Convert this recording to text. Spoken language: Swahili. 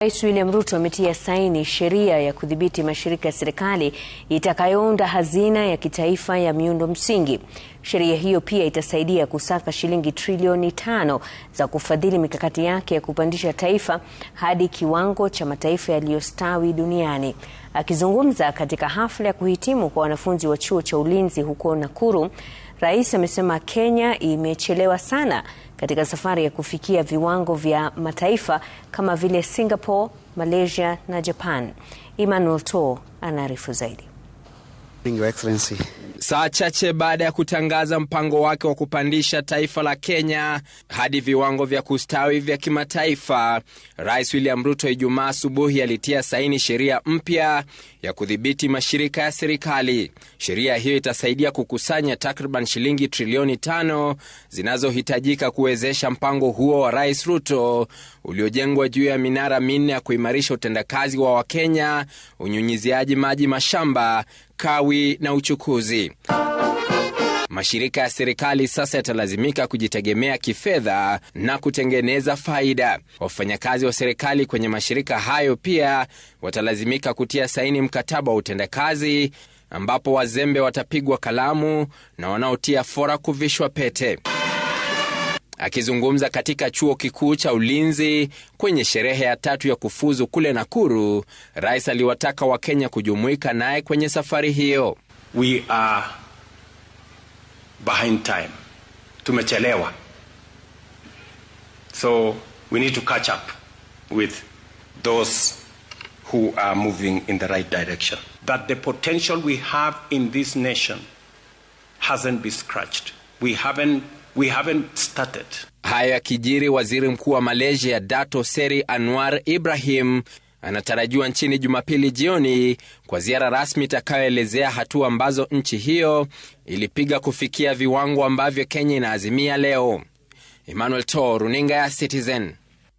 Rais William Ruto ametia saini sheria ya kudhibiti mashirika ya serikali itakayounda hazina ya kitaifa ya miundo msingi. Sheria hiyo pia itasaidia kusaka shilingi trilioni tano za kufadhili mikakati yake ya kupandisha taifa hadi kiwango cha mataifa yaliyostawi duniani. Akizungumza katika hafla ya kuhitimu kwa wanafunzi wa chuo cha ulinzi huko Nakuru, Rais amesema Kenya imechelewa sana katika safari ya kufikia viwango vya mataifa kama vile Singapore, Malaysia na Japan. Emmanuel To anaarifu zaidi. you, Excellency saa chache baada ya kutangaza mpango wake wa kupandisha taifa la Kenya hadi viwango vya kustawi vya kimataifa, Rais William Ruto Ijumaa asubuhi alitia saini sheria mpya ya kudhibiti mashirika ya serikali. Sheria hiyo itasaidia kukusanya takriban shilingi trilioni tano zinazohitajika kuwezesha mpango huo wa Rais Ruto uliojengwa juu ya minara minne ya kuimarisha utendakazi wa Wakenya, unyunyiziaji maji mashamba kawi na uchukuzi. Mashirika ya serikali sasa yatalazimika kujitegemea kifedha na kutengeneza faida. Wafanyakazi wa serikali kwenye mashirika hayo pia watalazimika kutia saini mkataba wa utendakazi ambapo wazembe watapigwa kalamu na wanaotia fora kuvishwa pete. Akizungumza katika chuo kikuu cha ulinzi kwenye sherehe ya tatu ya kufuzu kule Nakuru, rais aliwataka Wakenya kujumuika naye kwenye safari hiyo. We are behind time, tumechelewa, so we need to catch up with those who are moving in the right direction, that the potential we have in this nation hasn't been scratched. We haven't We haven't started. Hayo yakijiri, waziri mkuu wa Malaysia Dato Seri Anwar Ibrahim anatarajiwa nchini Jumapili jioni kwa ziara rasmi itakayoelezea hatua ambazo nchi hiyo ilipiga kufikia viwango ambavyo Kenya inaazimia leo. Emmanuel To, runinga ya Citizen.